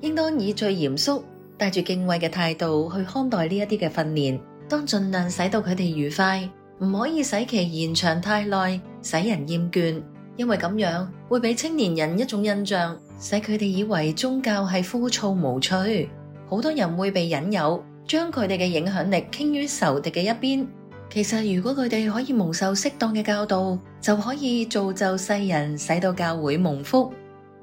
應當以最嚴肅、帶住敬畏嘅態度去看待呢一啲嘅訓練，當盡量使到佢哋愉快，唔可以使其延長太耐，使人厭倦，因為咁樣會畀青年人一種印象，使佢哋以為宗教係枯燥無趣，好多人會被引誘，將佢哋嘅影響力傾於仇敵嘅一邊。其實如果佢哋可以蒙受適當嘅教導，就可以造就世人，使到教會蒙福。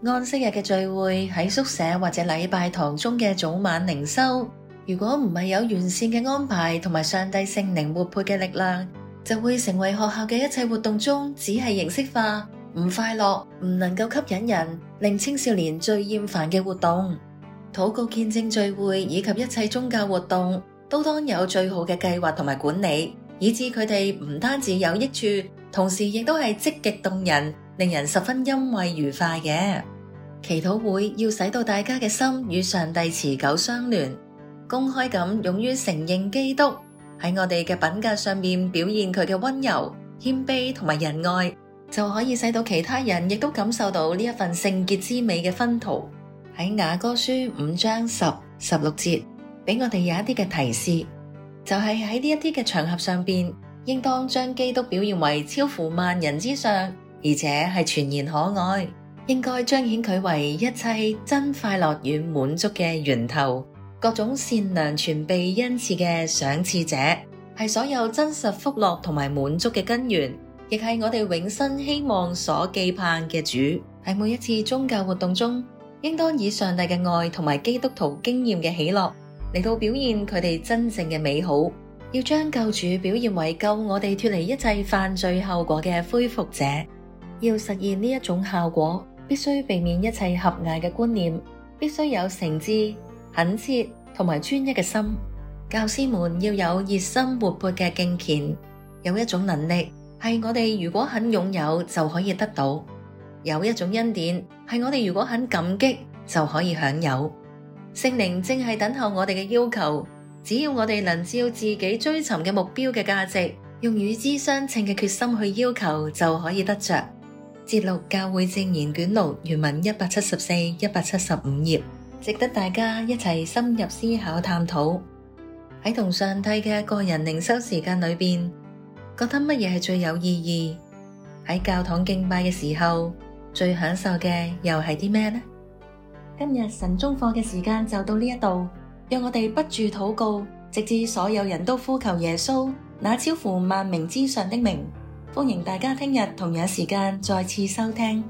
安息日嘅聚會，喺宿舍或者禮拜堂中嘅早晚靈修，如果唔係有完善嘅安排同埋上帝聖靈活潑嘅力量，就會成為學校嘅一切活動中只係形式化、唔快樂、唔能夠吸引人，令青少年最厭煩嘅活動。禱告、見證聚會以及一切宗教活動，都當有最好嘅計劃同埋管理，以致佢哋唔單止有益處，同時亦都係積極動人。令人十分欣慰愉快嘅祈禱會，要使到大家嘅心與上帝持久相連，公開咁勇於承認基督喺我哋嘅品格上面表現佢嘅溫柔謙卑同埋仁愛，就可以使到其他人亦都感受到呢一份聖潔之美嘅熏陶。喺雅歌書五章十十六節俾我哋有一啲嘅提示，就係喺呢一啲嘅場合上邊，應當將基督表現為超乎萬人之上。而且係全然可愛，應該彰顯佢為一切真快樂與滿足嘅源頭，各種善良全備恩賜嘅賞賜者，係所有真實福樂同埋滿足嘅根源，亦係我哋永生希望所寄盼嘅主。喺每一次宗教活動中，應當以上帝嘅愛同埋基督徒經驗嘅喜樂嚟到表現佢哋真正嘅美好，要將救主表現為救我哋脱離一切犯罪後果嘅恢復者。要實現呢一種效果，必須避免一切狹隘嘅觀念，必須有誠摯、懇切同埋專一嘅心。教師們要有熱心活潑嘅敬虔，有一種能力係我哋如果肯擁有就可以得到，有一種恩典係我哋如果肯感激就可以享有。聖靈正係等候我哋嘅要求，只要我哋能照自己追尋嘅目標嘅價值，用與之相稱嘅決心去要求，就可以得着。節錄教會證言卷六原文一百七十四、一百七十五頁，值得大家一齊深入思考探討。喺同上帝嘅個人靈修時間裏面，覺得乜嘢係最有意義？喺教堂敬拜嘅時候，最享受嘅又係啲咩呢？今日神中課嘅時間就到呢一度，讓我哋不住禱告，直至所有人都呼求耶穌那超乎萬名之上的名。歡迎大家聽日同樣時間再次收聽。